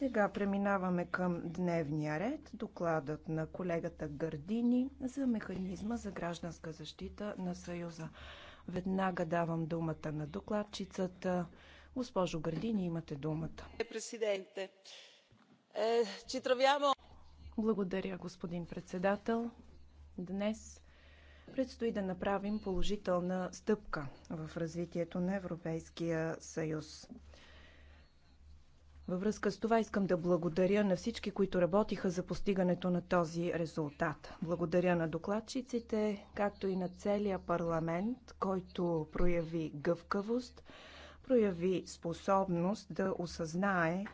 Сега преминаваме към дневния ред. Докладът на колегата Гърдини за механизма за гражданска защита на Съюза. Веднага давам думата на докладчицата. Госпожо Гърдини, имате думата. Е, Благодаря, господин председател. Днес предстои да направим положителна стъпка в развитието на Европейския съюз. Във връзка с това искам да благодаря на всички, които работиха за постигането на този резултат. Благодаря на докладчиците, както и на целия парламент, който прояви гъвкавост, прояви способност да осъзнае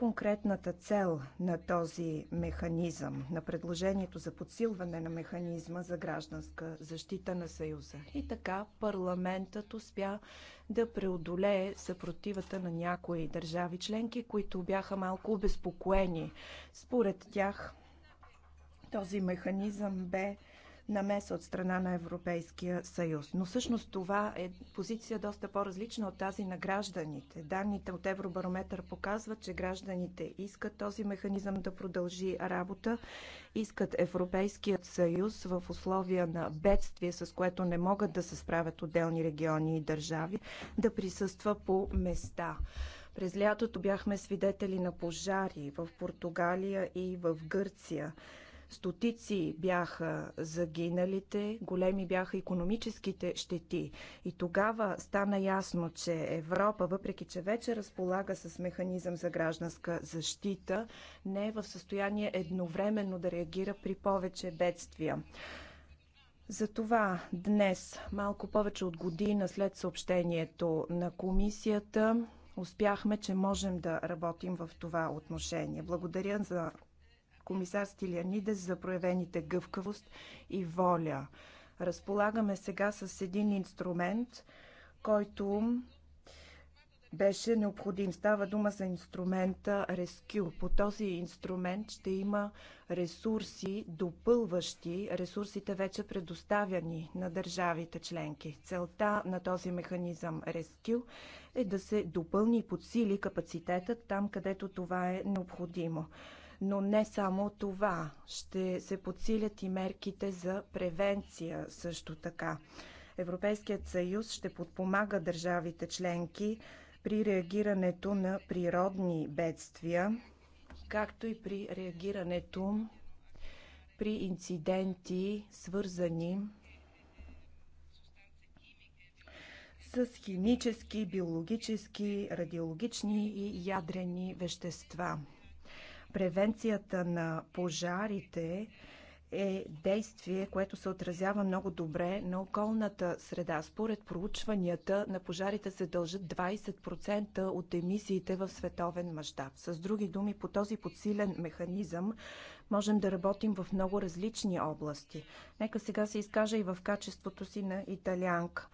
конкретната цел на този механизъм, на предложението за подсилване на механизма за гражданска защита на Съюза. И така парламентът успя да преодолее съпротивата на някои държави членки, които бяха малко обезпокоени. Според тях този механизъм бе намеса от страна на Европейския съюз. Но всъщност това е позиция доста по-различна от тази на гражданите. Данните от Евробарометър показват, че гражданите искат този механизъм да продължи работа, искат Европейският съюз в условия на бедствие, с което не могат да се справят отделни региони и държави, да присъства по места. През лятото бяхме свидетели на пожари в Португалия и в Гърция. Стотици бяха загиналите, големи бяха економическите щети. И тогава стана ясно, че Европа, въпреки че вече разполага с механизъм за гражданска защита, не е в състояние едновременно да реагира при повече бедствия. Затова днес, малко повече от година след съобщението на комисията, успяхме, че можем да работим в това отношение. Благодаря за комисар Стилянидес за проявените гъвкавост и воля. Разполагаме сега с един инструмент, който беше необходим. Става дума за инструмента Rescue. По този инструмент ще има ресурси, допълващи ресурсите вече предоставяни на държавите членки. Целта на този механизъм Rescue е да се допълни и подсили капацитетът там, където това е необходимо. Но не само това. Ще се подсилят и мерките за превенция също така. Европейският съюз ще подпомага държавите членки при реагирането на природни бедствия, както и при реагирането при инциденти, свързани с химически, биологически, радиологични и ядрени вещества. Превенцията на пожарите е действие, което се отразява много добре на околната среда. Според проучванията на пожарите се дължат 20% от емисиите в световен мащаб. С други думи, по този подсилен механизъм можем да работим в много различни области. Нека сега се изкажа и в качеството си на италианка.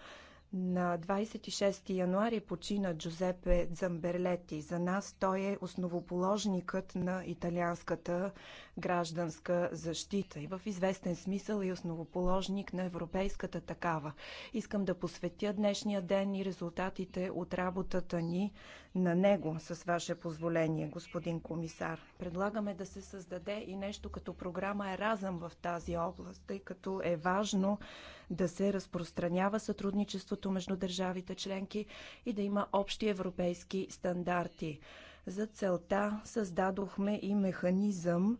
На 26 януари почина Джузепе Дзамберлети. За нас той е основоположникът на италианската гражданска защита и в известен смисъл и е основоположник на европейската такава. Искам да посветя днешния ден и резултатите от работата ни на него, с ваше позволение, господин комисар. Предлагаме да се създаде и нещо като програма Еразъм в тази област, тъй като е важно да се разпространява сътрудничеството между държавите членки и да има общи европейски стандарти. За целта създадохме и механизъм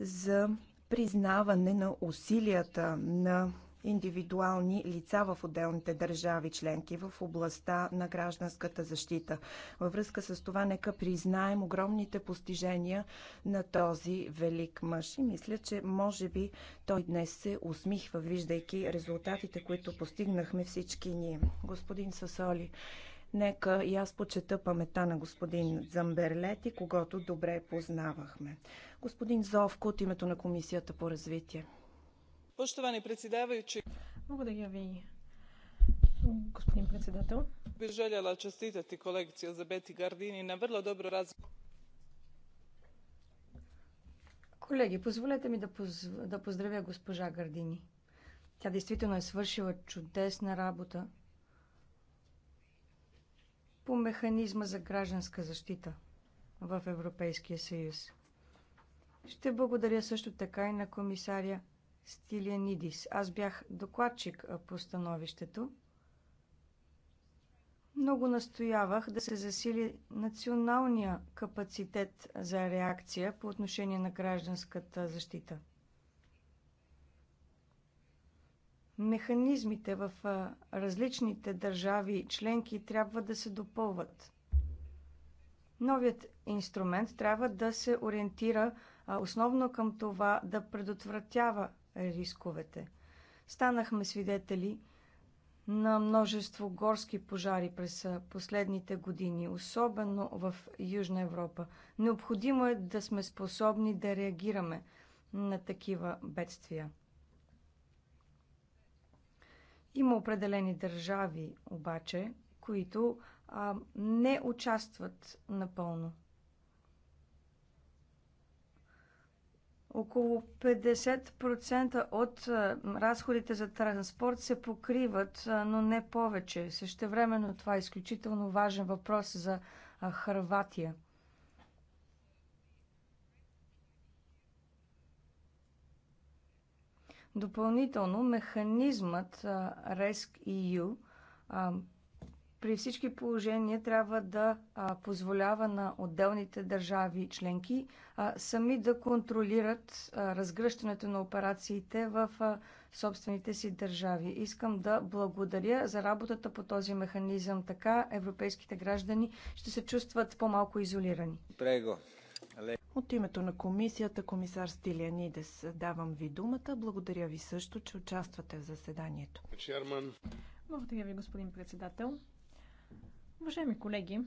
за признаване на усилията на индивидуални лица в отделните държави членки в областта на гражданската защита. Във връзка с това, нека признаем огромните постижения на този велик мъж и мисля, че може би той днес се усмихва, виждайки резултатите, които постигнахме всички ние. Господин Сасоли, Нека и аз почета памета на господин Замберлети, когато добре познавахме. Господин Зовко от името на Комисията по развитие. Мога да Благодаря ви, господин председател. Би честитати колекция за Бети Гардини на върло добро раз... Колеги, позволете ми да, поз... да поздравя госпожа Гардини. Тя действително е свършила чудесна работа по механизма за гражданска защита в Европейския съюз. Ще благодаря също така и на комисаря Стилианидис. Аз бях докладчик по становището. Много настоявах да се засили националния капацитет за реакция по отношение на гражданската защита – Механизмите в различните държави членки трябва да се допълват. Новият инструмент трябва да се ориентира основно към това да предотвратява рисковете. Станахме свидетели на множество горски пожари през последните години, особено в Южна Европа. Необходимо е да сме способни да реагираме на такива бедствия. Има определени държави, обаче, които а, не участват напълно. Около 50% от разходите за транспорт се покриват, но не повече. Същевременно това е изключително важен въпрос за Харватия. Допълнително, механизмът RESC-EU при всички положения трябва да а, позволява на отделните държави членки а, сами да контролират а, разгръщането на операциите в а, собствените си държави. Искам да благодаря за работата по този механизъм. Така европейските граждани ще се чувстват по-малко изолирани. Прего. От името на комисията, комисар Стилианидес давам ви думата. Благодаря ви също, че участвате в заседанието. Черман. Благодаря ви, господин председател. Уважаеми колеги,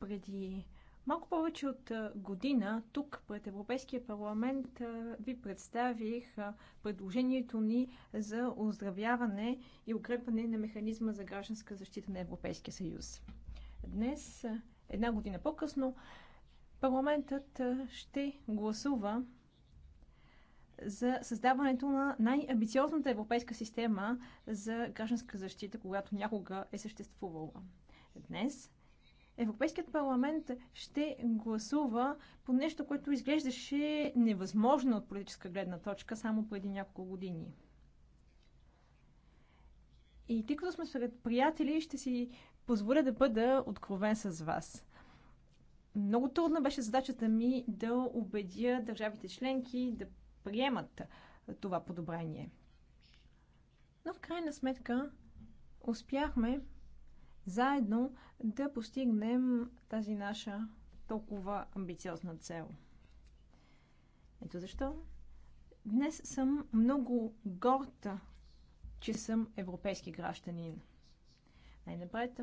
преди Малко повече от година тук пред Европейския парламент ви представих предложението ни за оздравяване и укрепване на механизма за гражданска защита на Европейския съюз. Днес, една година по-късно, парламентът ще гласува за създаването на най-амбициозната европейска система за гражданска защита, когато някога е съществувала. Днес Европейският парламент ще гласува по нещо, което изглеждаше невъзможно от политическа гледна точка само преди няколко години. И тъй като сме сред приятели, ще си позволя да бъда откровен с вас. Много трудна беше задачата ми да убедя държавите членки да приемат това подобрение. Но в крайна сметка успяхме заедно да постигнем тази наша толкова амбициозна цел. Ето защо днес съм много горда, че съм европейски гражданин. Най-напред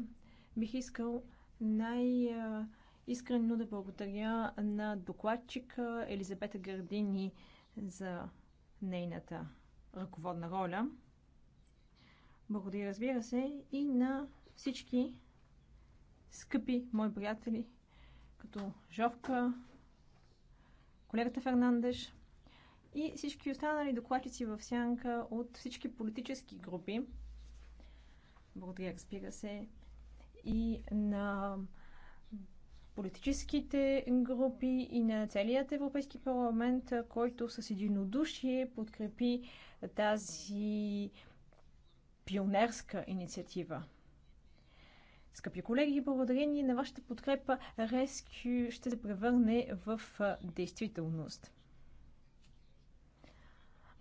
бих искал най- искрено да благодаря на докладчика Елизабета Гардини за нейната ръководна роля. Благодаря, разбира се, и на всички скъпи мои приятели, като Жовка, колегата Фернандеш и всички останали докладчици в сянка от всички политически групи. Благодаря, разбира се, и на политическите групи и на целият Европейски парламент, който с единодушие подкрепи тази пионерска инициатива. Скъпи колеги, благодарение на вашата подкрепа Rescue ще се превърне в действителност.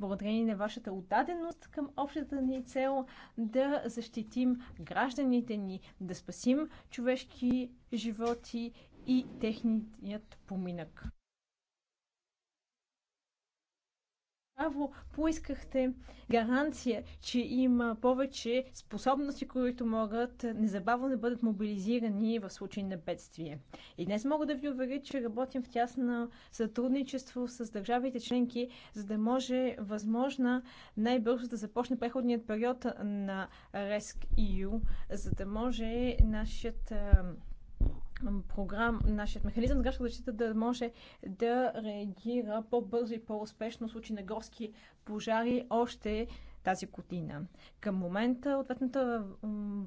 Благодарение на вашата отдаденост към общата ни цел да защитим гражданите ни, да спасим човешки животи и техният поминък. право поискахте гаранция, че има повече способности, които могат незабавно да бъдат мобилизирани в случай на бедствие. И днес мога да ви уверя, че работим в тясно сътрудничество с държавите членки, за да може възможно най-бързо да започне преходният период на RESC EU, за да може нашият програм, нашият механизъм за гражданска защита да може да реагира по-бързо и по-успешно в случай на горски пожари още тази година. Към момента ответната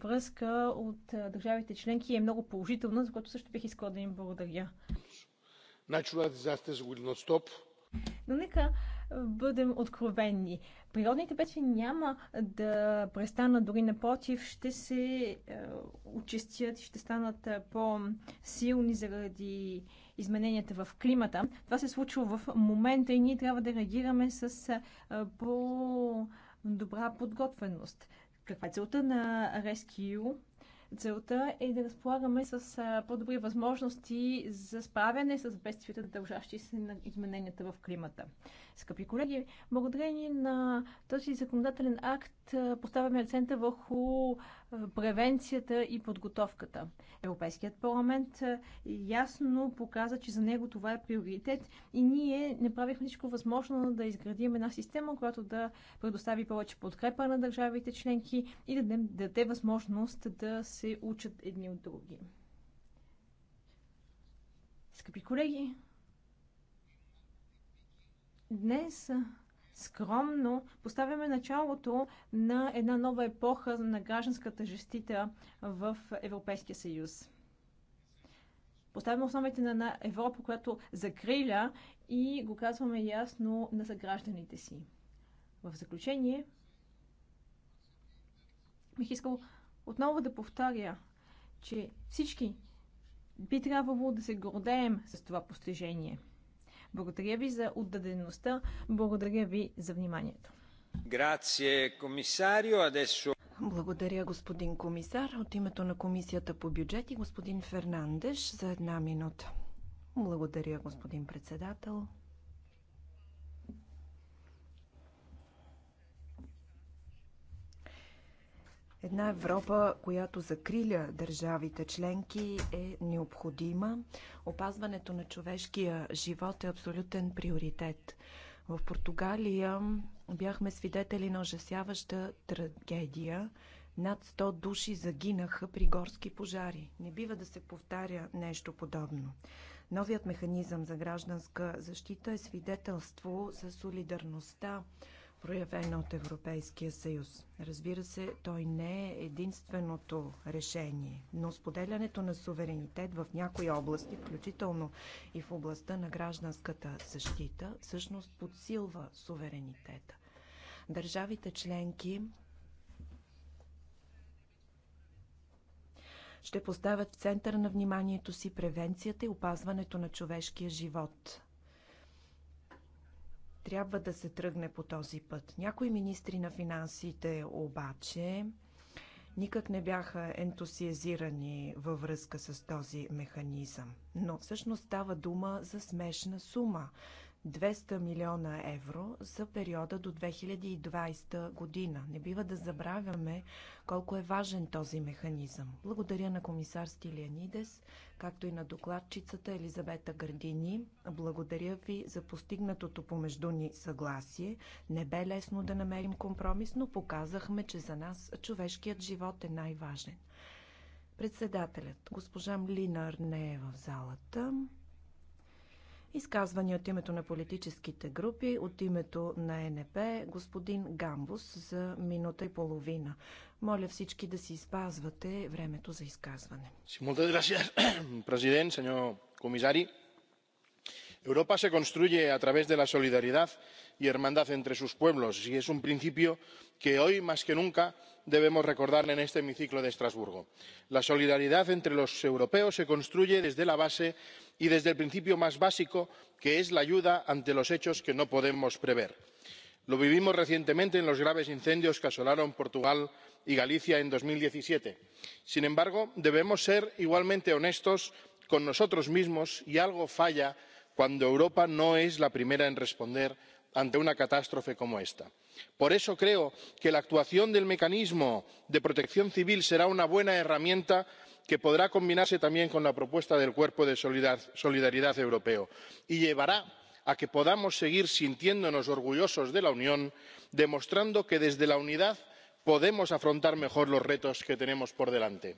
връзка от държавите членки е много положителна, за което също бих искала да им благодаря. Natural Disasters Will Not Stop. Но нека бъдем откровенни. Природните бедствия няма да престанат, дори напротив, ще се е, очистят и ще станат е, по-силни заради измененията в климата. Това се случва в момента и ние трябва да реагираме с е, по-добра подготвеност. Каква е целта на Rescue? Целта е да разполагаме с по-добри възможности за справяне с бедствията, дължащи се на измененията в климата. Скъпи колеги, благодарение на този законодателен акт поставяме акцента върху превенцията и подготовката. Европейският парламент е, ясно показа, че за него това е приоритет и ние не правихме всичко възможно да изградим една система, която да предостави повече подкрепа на държавите членки и да даде възможност да се учат едни от други. Скъпи колеги, днес скромно поставяме началото на една нова епоха на гражданската жестита в Европейския съюз. Поставяме основите на една Европа, която закриля и го казваме ясно на съгражданите си. В заключение, бих искал отново да повтаря, че всички би трябвало да се гордеем с това постижение – благодаря ви за отдадеността, благодаря ви за вниманието. Благодаря, господин комисар. От името на Комисията по бюджет и господин Фернандеш за една минута. Благодаря, господин председател. Една Европа, която закриля държавите членки е необходима. Опазването на човешкия живот е абсолютен приоритет. В Португалия бяхме свидетели на ужасяваща трагедия. Над 100 души загинаха при горски пожари. Не бива да се повтаря нещо подобно. Новият механизъм за гражданска защита е свидетелство за солидарността проявена от Европейския съюз. Разбира се, той не е единственото решение, но споделянето на суверенитет в някои области, включително и в областта на гражданската защита, всъщност подсилва суверенитета. Държавите членки ще поставят в центъра на вниманието си превенцията и опазването на човешкия живот – трябва да се тръгне по този път. Някои министри на финансите обаче никак не бяха ентусиазирани във връзка с този механизъм. Но всъщност става дума за смешна сума. 200 милиона евро за периода до 2020 година. Не бива да забравяме колко е важен този механизъм. Благодаря на комисар Стилианидес, както и на докладчицата Елизабета Гърдини. Благодаря ви за постигнатото помежду ни съгласие. Не бе лесно да намерим компромис, но показахме, че за нас човешкият живот е най-важен. Председателят, госпожа Млинар, не е в залата. Изказвания от името на политическите групи, от името на НП, господин Гамбус за минута и половина. Моля всички да си спазвате времето за изказване. Президент, сеньор комисари, europa se construye a través de la solidaridad y hermandad entre sus pueblos y es un principio que hoy más que nunca debemos recordar en este hemiciclo de estrasburgo. la solidaridad entre los europeos se construye desde la base y desde el principio más básico que es la ayuda ante los hechos que no podemos prever. lo vivimos recientemente en los graves incendios que asolaron portugal y galicia en dos mil diecisiete sin embargo debemos ser igualmente honestos con nosotros mismos y algo falla cuando europa no es la primera en responder ante una catástrofe como esta. por eso creo que la actuación del mecanismo de protección civil será una buena herramienta que podrá combinarse también con la propuesta del cuerpo de solidaridad europeo y llevará a que podamos seguir sintiéndonos orgullosos de la unión demostrando que desde la unidad podemos afrontar mejor los retos que tenemos por delante.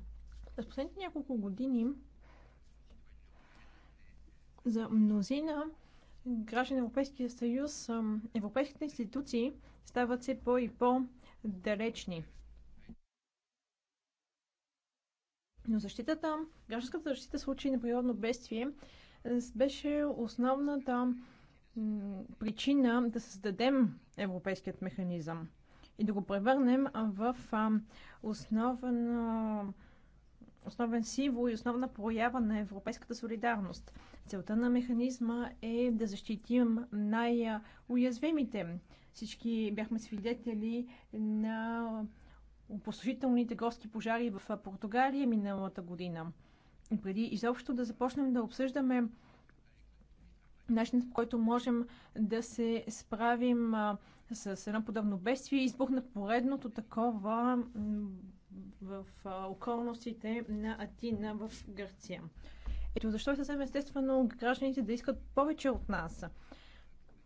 През последните няколко години за мнозина граждани на Европейския съюз, европейските институции стават все по- и по-далечни. Но защитата, гражданската защита в случай на природно бедствие е, беше основната причина да създадем европейският механизъм и да го превърнем в основно основен символ и основна проява на европейската солидарност. Целта на механизма е да защитим най-уязвимите. Всички бяхме свидетели на опустошителните горски пожари в Португалия миналата година. И преди изобщо да започнем да обсъждаме начинът, по който можем да се справим с едно подобно бедствие, избухна поредното такова в околностите на Атина в Гърция. Ето защо е съвсем естествено гражданите да искат повече от нас.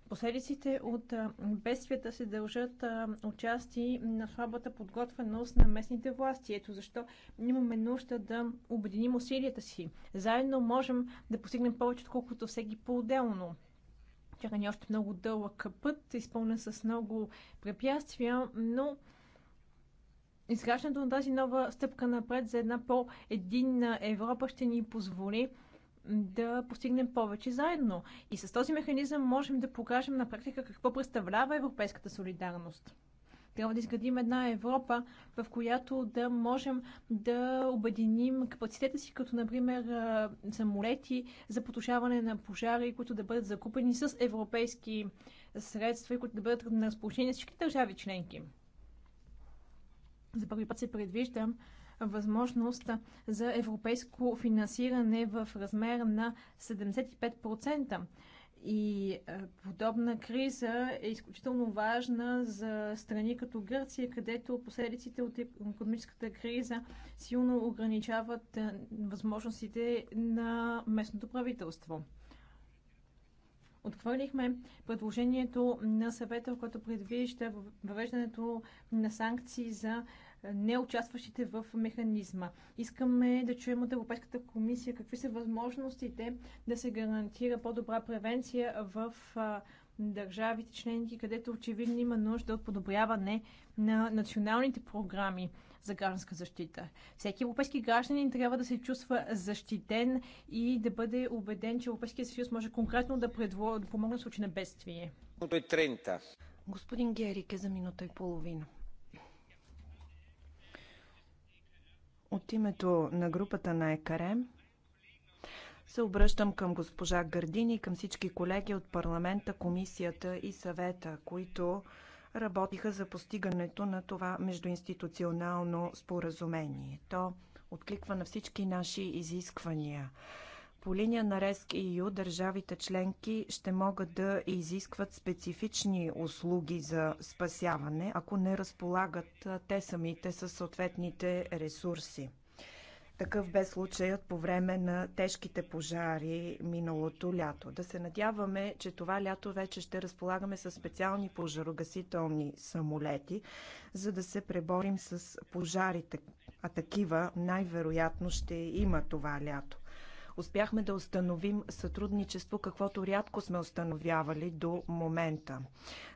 Последиците от бедствията се дължат отчасти на слабата подготвеност на местните власти. Ето защо имаме нужда да обединим усилията си. Заедно можем да постигнем повече, отколкото всеки по-отделно. Чака ни още много дълъг път, изпълнен с много препятствия, но изграждането на тази нова стъпка напред за една по-единна Европа ще ни позволи да постигнем повече заедно. И с този механизъм можем да покажем на практика какво представлява европейската солидарност. Трябва да изградим една Европа, в която да можем да обединим капацитета си, като например самолети за потушаване на пожари, които да бъдат закупени с европейски средства и които да бъдат на разположение всички държави членки. За първи път се предвижда възможност за европейско финансиране в размер на 75%. И е, подобна криза е изключително важна за страни като Гърция, където последиците от економическата криза силно ограничават е, възможностите на местното правителство. Отхвърлихме предложението на съвета, което предвижда въвеждането на санкции за не участващите в механизма. Искаме да чуем от Европейската комисия какви са възможностите да се гарантира по-добра превенция в държавите членки, където очевидно има нужда от подобряване на националните програми за гражданска защита. Всеки европейски гражданин трябва да се чувства защитен и да бъде убеден, че Европейския съюз може конкретно да, да помогне в случай на бедствие. Господин Герик е за минута и половина. От името на групата на ЕКАРЕМ се обръщам към госпожа Гърдини и към всички колеги от парламента, комисията и съвета, които работиха за постигането на това междуинституционално споразумение. То откликва на всички наши изисквания. По линия на и eu държавите членки ще могат да изискват специфични услуги за спасяване, ако не разполагат те самите със съответните ресурси. Такъв бе случаят по време на тежките пожари миналото лято. Да се надяваме, че това лято вече ще разполагаме с специални пожарогасителни самолети, за да се преборим с пожарите. А такива най-вероятно ще има това лято. Успяхме да установим сътрудничество, каквото рядко сме установявали до момента.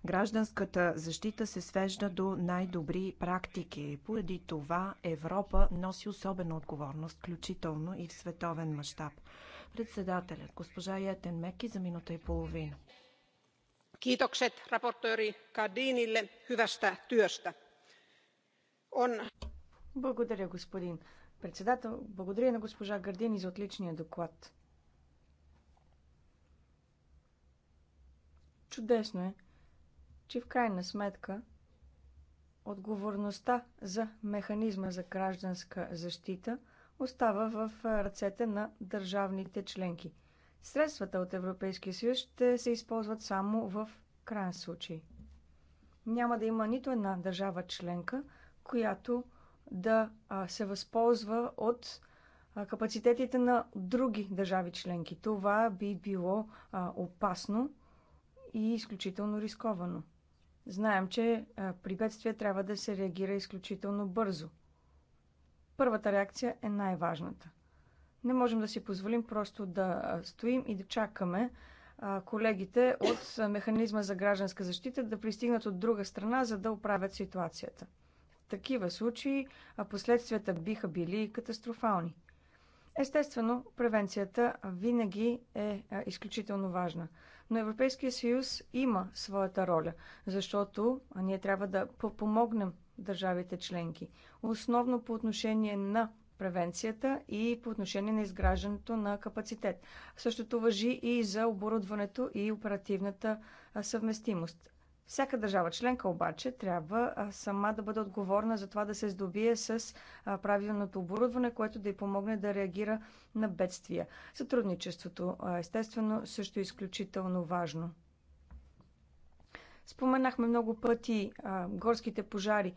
Гражданската защита се свежда до най-добри практики. Поради това Европа носи особена отговорност, включително и в световен мащаб. Председателят, госпожа Йетен Меки, за минута и половина. Kiitokset raportööri Kadinille hyvästä työstä. On... Благодаря, господин Председател, благодаря на госпожа Гардини за отличния доклад. Чудесно е, че в крайна сметка отговорността за механизма за гражданска защита остава в ръцете на държавните членки. Средствата от Европейския съюз ще се използват само в крайен случай. Няма да има нито една държава членка, която да се възползва от капацитетите на други държави членки. Това би било опасно и изключително рисковано. Знаем, че при бедствия трябва да се реагира изключително бързо. Първата реакция е най-важната. Не можем да си позволим просто да стоим и да чакаме колегите от механизма за гражданска защита да пристигнат от друга страна, за да оправят ситуацията такива случаи, а последствията биха били катастрофални. Естествено, превенцията винаги е изключително важна. Но Европейския съюз има своята роля, защото ние трябва да помогнем държавите членки. Основно по отношение на превенцията и по отношение на изграждането на капацитет. Същото въжи и за оборудването и оперативната съвместимост. Всяка държава членка обаче трябва сама да бъде отговорна за това да се здобие с правилното оборудване, което да й помогне да реагира на бедствия. Сътрудничеството естествено също е изключително важно. Споменахме много пъти а, горските пожари.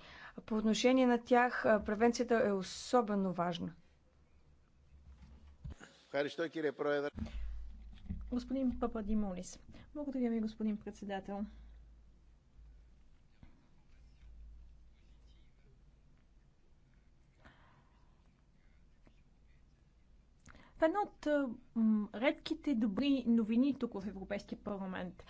По отношение на тях а, превенцията е особено важна. Господин Пападимолис, благодаря ви, господин председател. Това е една от редките добри новини тук в Европейския парламент.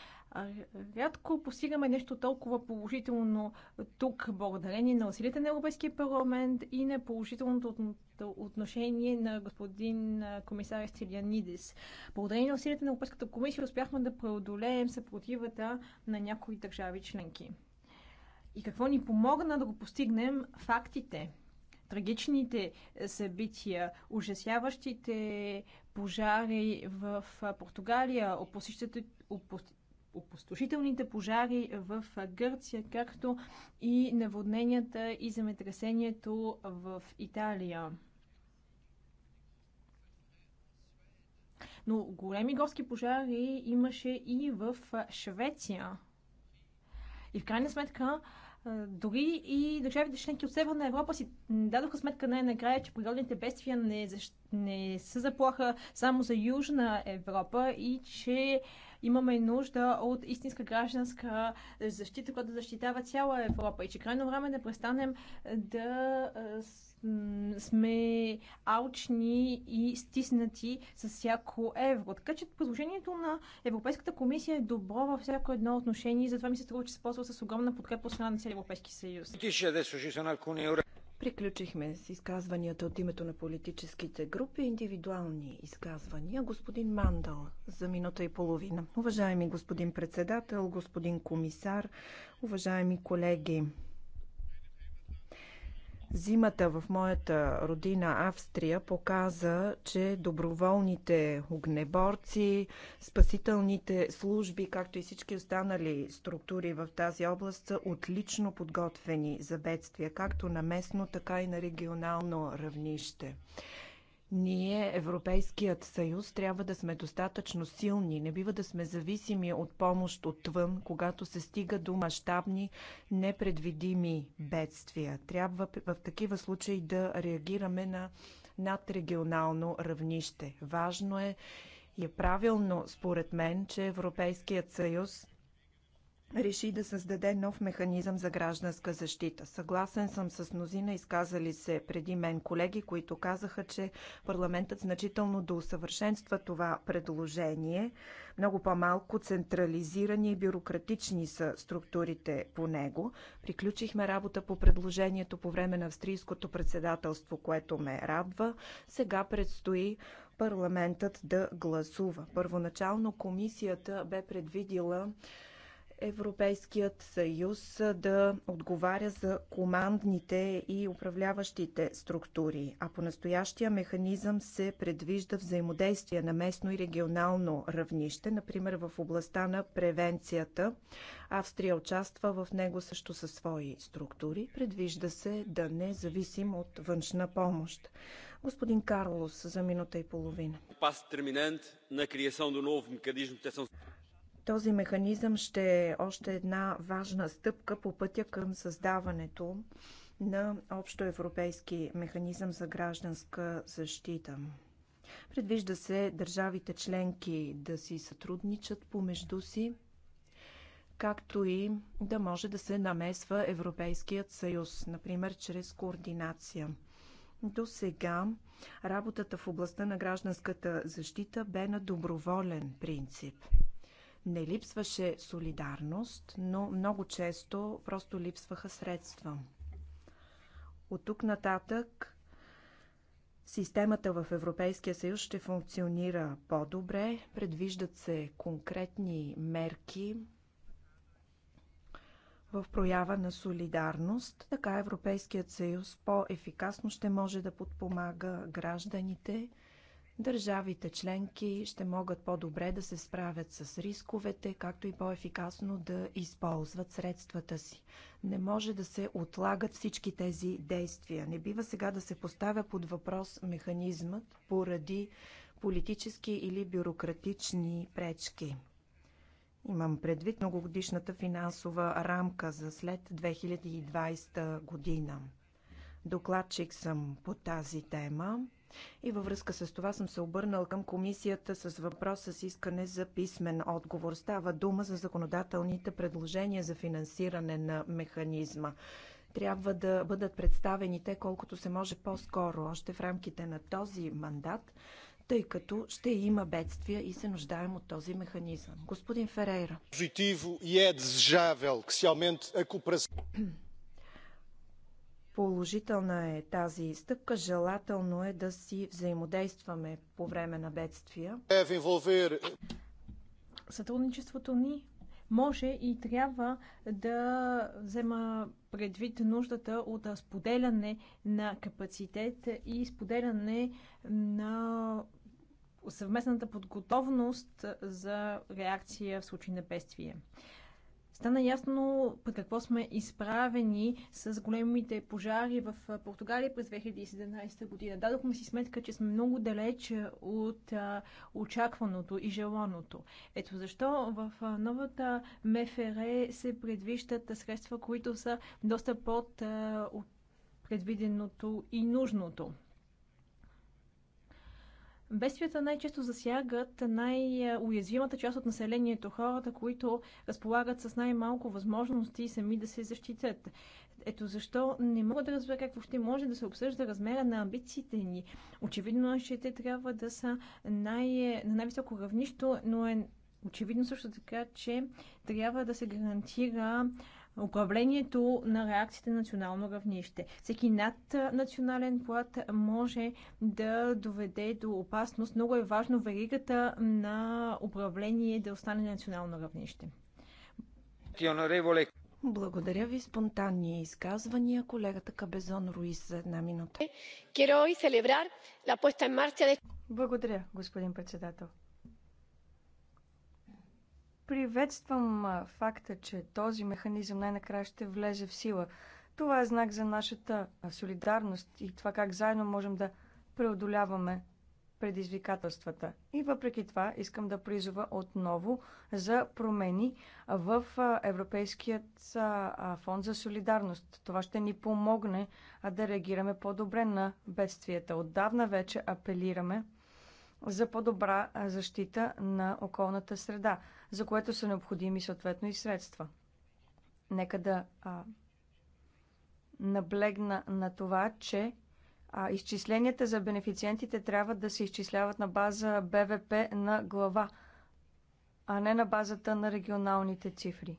Рядко постигаме нещо толкова положително тук, благодарение на усилите на Европейския парламент и на положителното отношение на господин комисар Стилианидис. Благодарение на усилите на Европейската комисия успяхме да преодолеем съпротивата на някои държави членки. И какво ни помогна да го постигнем? Фактите – трагичните е, събития, ужасяващите пожари в е, Португалия, опустошителните пожари в е, Гърция, както и наводненията и земетресението в Италия. Но големи горски пожари имаше и в Швеция. И в крайна сметка дори и държавите членки от Северна Европа си дадоха сметка най-накрая, че природните бедствия не, не са заплаха само за Южна Европа и че имаме нужда от истинска гражданска защита, която защитава цяла Европа и че крайно време да престанем да сме алчни и стиснати с всяко евро. Така че предложението на Европейската комисия е добро във всяко едно отношение и затова ми се струва, че се ползва с огромна подкрепа от страна на целия Европейски съюз. Приключихме с изказванията от името на политическите групи, индивидуални изказвания. Господин Мандал за минута и половина. Уважаеми господин председател, господин комисар, уважаеми колеги, Зимата в моята родина Австрия показа, че доброволните огнеборци, спасителните служби, както и всички останали структури в тази област са отлично подготвени за бедствия, както на местно, така и на регионално равнище. Ние, Европейският съюз, трябва да сме достатъчно силни. Не бива да сме зависими от помощ отвън, когато се стига до мащабни, непредвидими бедствия. Трябва в такива случаи да реагираме на надрегионално равнище. Важно е и е правилно, според мен, че Европейският съюз реши да създаде нов механизъм за гражданска защита. Съгласен съм с мнозина изказали се преди мен колеги, които казаха, че парламентът значително да усъвършенства това предложение. Много по-малко централизирани и бюрократични са структурите по него. Приключихме работа по предложението по време на австрийското председателство, което ме радва. Сега предстои парламентът да гласува. Първоначално комисията бе предвидила Европейският съюз да отговаря за командните и управляващите структури, а по настоящия механизъм се предвижда взаимодействие на местно и регионално равнище, например в областта на превенцията. Австрия участва в него също със свои структури. Предвижда се да не зависим от външна помощ. Господин Карлос, за минута и половина. Този механизъм ще е още една важна стъпка по пътя към създаването на общоевропейски механизъм за гражданска защита. Предвижда се държавите членки да си сътрудничат помежду си, както и да може да се намесва Европейският съюз, например чрез координация. До сега работата в областта на гражданската защита бе на доброволен принцип – не липсваше солидарност, но много често просто липсваха средства. От тук нататък системата в Европейския съюз ще функционира по-добре. Предвиждат се конкретни мерки в проява на солидарност. Така Европейският съюз по-ефикасно ще може да подпомага гражданите – Държавите членки ще могат по-добре да се справят с рисковете, както и по-ефикасно да използват средствата си. Не може да се отлагат всички тези действия. Не бива сега да се поставя под въпрос механизмът поради политически или бюрократични пречки. Имам предвид многогодишната финансова рамка за след 2020 година. Докладчик съм по тази тема. И във връзка с това съм се обърнал към комисията с въпрос с искане за писмен отговор. Става дума за законодателните предложения за финансиране на механизма трябва да бъдат представени те колкото се може по-скоро, още в рамките на този мандат, тъй като ще има бедствия и се нуждаем от този механизъм. Господин Ферейра. Положителна е тази стъпка. Желателно е да си взаимодействаме по време на бедствия. Сътрудничеството ни може и трябва да взема предвид нуждата от споделяне на капацитет и споделяне на съвместната подготовност за реакция в случай на бедствие стана ясно пред какво сме изправени с големите пожари в Португалия през 2017 година. Дадохме си сметка, че сме много далеч от очакваното и желаното. Ето защо в новата МФР се предвиждат средства, които са доста под предвиденото и нужното. Бедствията най-често засягат най-уязвимата част от населението, хората, които разполагат с най-малко възможности сами да се защитят. Ето защо не мога да разбера какво ще може да се обсъжда размера на амбициите ни. Очевидно, нашите е, трябва да са най- на най-високо равнище, но е очевидно също така, че трябва да се гарантира управлението на реакциите на национално равнище. Всеки наднационален плат може да доведе до опасност. Много е важно веригата на управление да остане национално равнище. Благодаря ви. Спонтанни изказвания. Колегата Кабезон Руис за една минута. Благодаря, господин председател. Приветствам факта, че този механизъм най-накрая ще влезе в сила. Това е знак за нашата солидарност и това как заедно можем да преодоляваме предизвикателствата. И въпреки това искам да призова отново за промени в Европейският фонд за солидарност. Това ще ни помогне да реагираме по-добре на бедствията. Отдавна вече апелираме за по-добра защита на околната среда, за което са необходими съответно и средства. Нека да а, наблегна на това, че а, изчисленията за бенефициентите трябва да се изчисляват на база БВП на глава, а не на базата на регионалните цифри.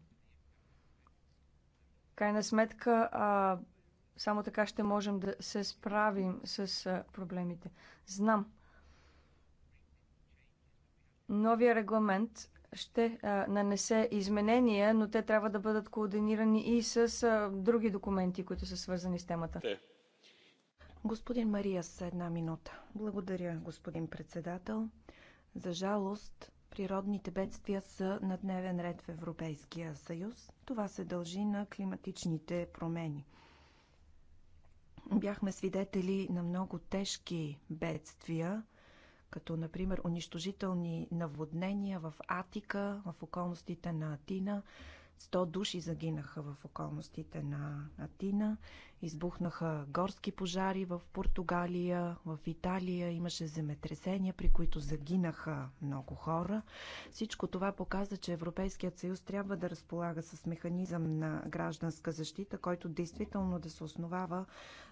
Крайна сметка, а, само така ще можем да се справим с а, проблемите. Знам, Новия регламент ще нанесе изменения, но те трябва да бъдат координирани и с други документи, които са свързани с темата. Господин Мария, с една минута. Благодаря, господин председател. За жалост, природните бедствия са на дневен ред в Европейския съюз. Това се дължи на климатичните промени. Бяхме свидетели на много тежки бедствия като например унищожителни наводнения в Атика, в околностите на Атина. 100 души загинаха в околностите на Атина Избухнаха горски пожари в Португалия, в Италия имаше земетресения, при които загинаха много хора. Всичко това показа, че Европейският съюз трябва да разполага с механизъм на гражданска защита, който действително да се основава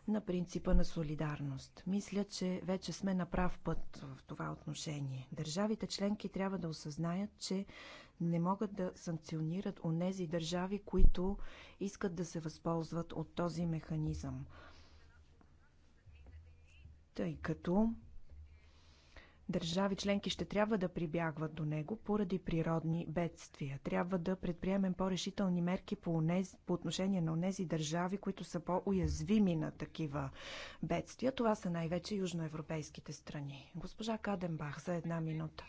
на принципа на солидарност. Мисля, че вече сме на прав път в това отношение. Държавите членки трябва да осъзнаят, че не могат да санкционират онези държави, които искат да се възползват от този механизъм, тъй като държави членки ще трябва да прибягват до него поради природни бедствия. Трябва да предприемем по-решителни мерки по, унез, по отношение на онези държави, които са по-уязвими на такива бедствия. Това са най-вече южноевропейските страни. Госпожа Каденбах за една минута.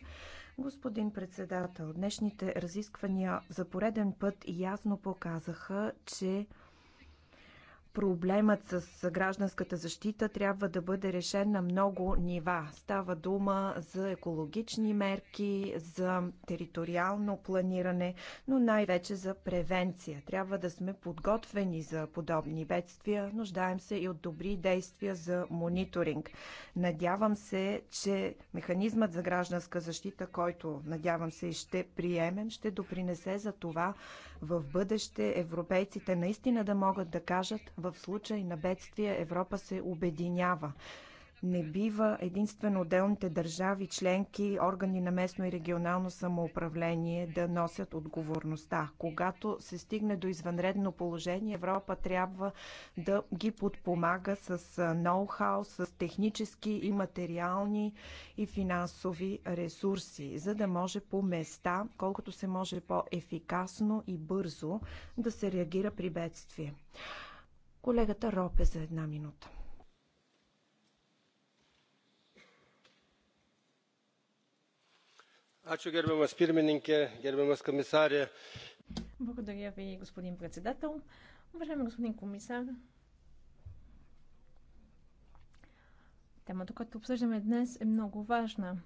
Господин председател, днешните разисквания за пореден път ясно показаха, че Проблемът с гражданската защита трябва да бъде решен на много нива. Става дума за екологични мерки, за териториално планиране, но най-вече за превенция. Трябва да сме подготвени за подобни бедствия. Нуждаем се и от добри действия за мониторинг. Надявам се, че механизмът за гражданска защита, който надявам се и ще приемем, ще допринесе за това в бъдеще европейците наистина да могат да кажат в случай на бедствие Европа се обединява. Не бива единствено отделните държави, членки, органи на местно и регионално самоуправление да носят отговорността. Когато се стигне до извънредно положение, Европа трябва да ги подпомага с ноу-хау, с технически и материални и финансови ресурси, за да може по места, колкото се може по-ефикасно и бързо да се реагира при бедствие. Колегата Ропе за една минута. гербема спирменинке, гербема komisare Благодаря ви, господин председател. Уважаеми господин комисар, темата, която обсъждаме днес, е много важна.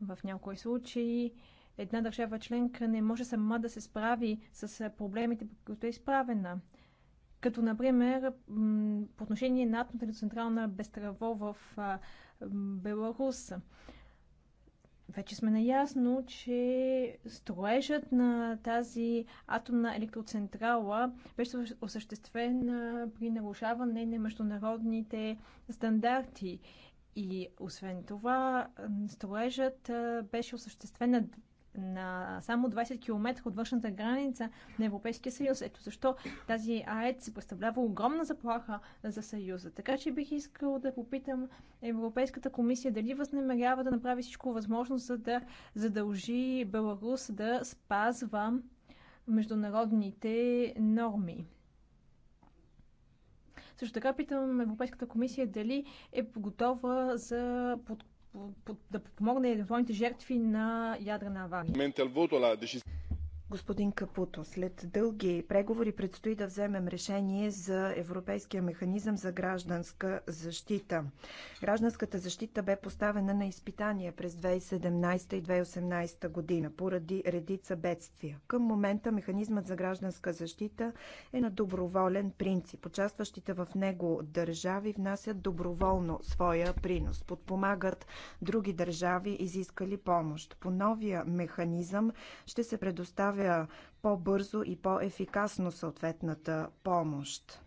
В някои случаи една държава членка не може сама да се справи с проблемите, по които е изправена като например по отношение на атомната централна Бестраво в Беларус. Вече сме наясно, че строежът на тази атомна електроцентрала беше осъществен при нарушаване на международните стандарти. И освен това, строежът беше осъществен на на само 20 км от външната граница на Европейския съюз. Ето защо тази АЕЦ представлява огромна заплаха за съюза. Така че бих искал да попитам Европейската комисия дали възнамерява да направи всичко възможно, за да задължи Беларус да спазва международните норми. Също така питам Европейската комисия дали е готова за под да подпомогне евентуалните жертви на ядрена авария. Е, Господин Капуто, след дълги преговори предстои да вземем решение за Европейския механизъм за гражданска защита. Гражданската защита бе поставена на изпитание през 2017 и 2018 година поради редица бедствия. Към момента механизмът за гражданска защита е на доброволен принцип. Участващите в него държави внасят доброволно своя принос, подпомагат други държави, изискали помощ. По новия механизъм ще се предоставя предоставя по-бързо и по-ефикасно съответната помощ.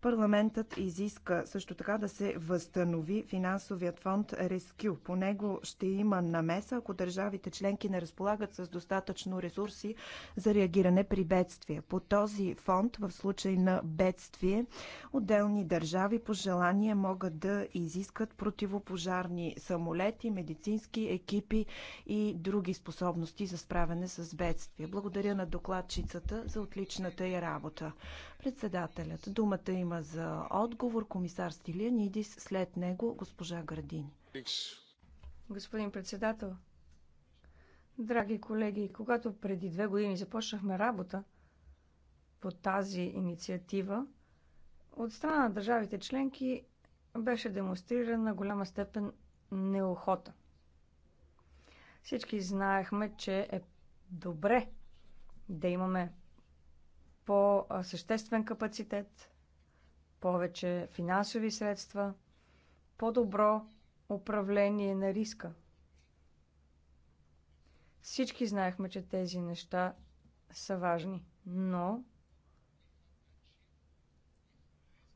Парламентът изиска също така да се възстанови финансовият фонд Рескю. По него ще има намеса, ако държавите членки не разполагат с достатъчно ресурси за реагиране при бедствия. По този фонд, в случай на бедствие, отделни държави по желание могат да изискат противопожарни самолети, медицински екипи и други способности за справяне с бедствия. Благодаря на докладчицата за отличната й работа. Председателят. Думата има за отговор комисар Стилианидис, след него госпожа Градини. Господин председател, драги колеги, когато преди две години започнахме работа по тази инициатива, от страна на държавите членки беше демонстрирана голяма степен неохота. Всички знаехме, че е добре да имаме по-съществен капацитет, повече финансови средства, по-добро управление на риска. Всички знаехме, че тези неща са важни, но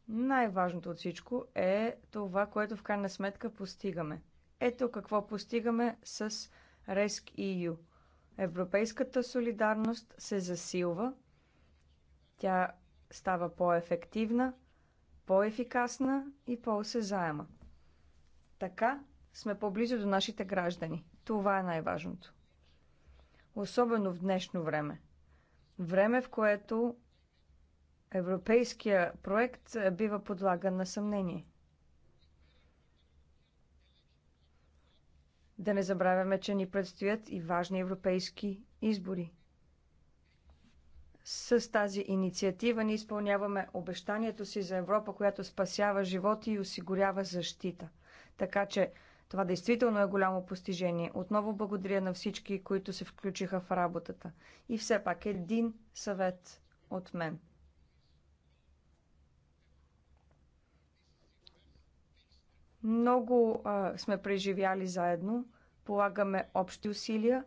най-важното от всичко е това, което в крайна сметка постигаме. Ето какво постигаме с RESC EU. Европейската солидарност се засилва тя става по-ефективна, по-ефикасна и по-осезаема. Така сме по-близо до нашите граждани. Това е най-важното. Особено в днешно време. Време, в което европейския проект бива подлаган на съмнение. Да не забравяме, че ни предстоят и важни европейски избори – с тази инициатива ние изпълняваме обещанието си за Европа, която спасява животи и осигурява защита. Така че това действително е голямо постижение. Отново благодаря на всички, които се включиха в работата. И все пак един съвет от мен. Много а, сме преживяли заедно, полагаме общи усилия,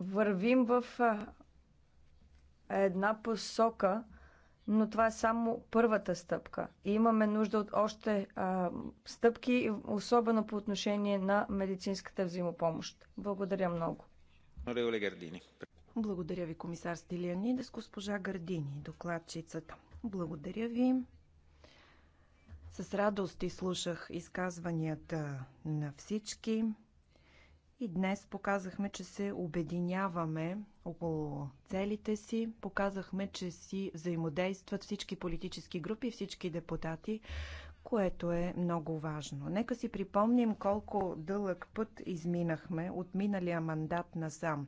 вървим в а, е една посока, но това е само първата стъпка. И имаме нужда от още а, стъпки, особено по отношение на медицинската взаимопомощ. Благодаря много. Благодаря ви, комисар Стилианидес, госпожа Гардини, докладчицата. Благодаря ви. С радост изслушах изказванията на всички. И днес показахме, че се обединяваме около целите си, показахме, че си взаимодействат всички политически групи, всички депутати, което е много важно. Нека си припомним колко дълъг път изминахме от миналия мандат насам.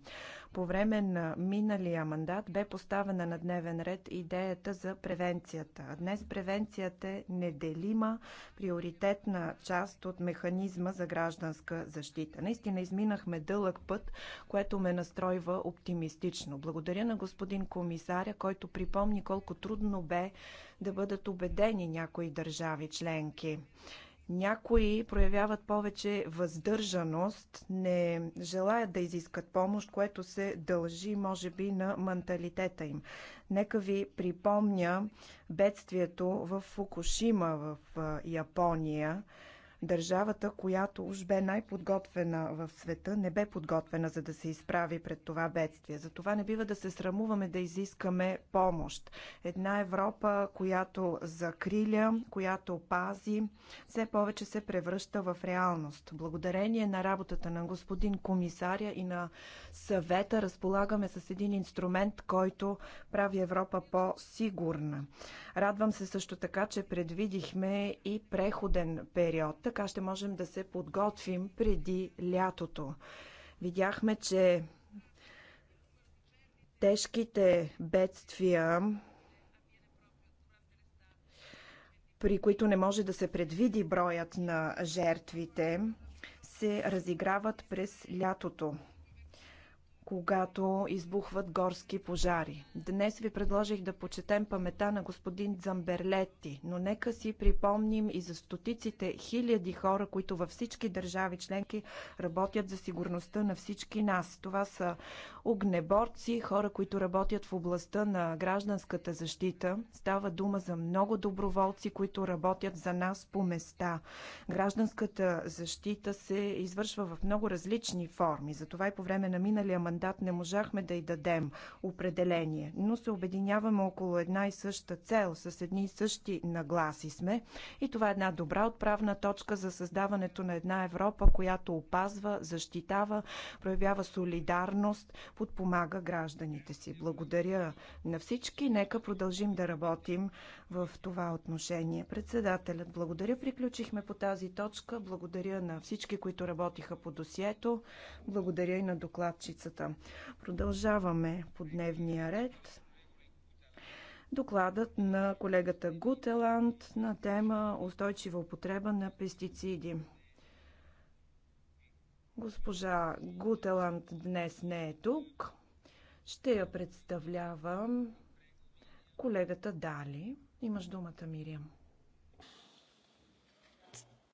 По време на миналия мандат бе поставена на дневен ред идеята за превенцията. А днес превенцията е неделима, приоритетна част от механизма за гражданска защита. Наистина изминахме дълъг път, което ме настройва оптимистично. Благодаря на господин комисаря, който припомни колко трудно бе да бъдат убедени някои държави членки. Някои проявяват повече въздържаност, не желаят да изискат помощ, което се дължи, може би, на менталитета им. Нека ви припомня бедствието в Фукушима в Япония. Държавата, която уж бе най-подготвена в света, не бе подготвена за да се изправи пред това бедствие. Затова не бива да се срамуваме да изискаме помощ. Една Европа, която закриля, която пази, все повече се превръща в реалност. Благодарение на работата на господин комисаря и на съвета разполагаме с един инструмент, който прави Европа по-сигурна. Радвам се също така, че предвидихме и преходен период, така ще можем да се подготвим преди лятото. Видяхме, че тежките бедствия, при които не може да се предвиди броят на жертвите, се разиграват през лятото когато избухват горски пожари. Днес ви предложих да почетем памета на господин Дзамберлети, но нека си припомним и за стотиците хиляди хора, които във всички държави членки работят за сигурността на всички нас. Това са огнеборци, хора, които работят в областта на гражданската защита. Става дума за много доброволци, които работят за нас по места. Гражданската защита се извършва в много различни форми. Затова и по време на миналия мандат мандат не можахме да й дадем определение, но се обединяваме около една и съща цел, с едни и същи нагласи сме. И това е една добра отправна точка за създаването на една Европа, която опазва, защитава, проявява солидарност, подпомага гражданите си. Благодаря на всички. Нека продължим да работим в това отношение. Председателят, благодаря. Приключихме по тази точка. Благодаря на всички, които работиха по досието. Благодаря и на докладчицата Продължаваме по дневния ред. Докладът на колегата Гутеланд на тема устойчива употреба на пестициди. Госпожа Гутеланд днес не е тук. Ще я представлявам колегата Дали. Имаш думата, Мириам.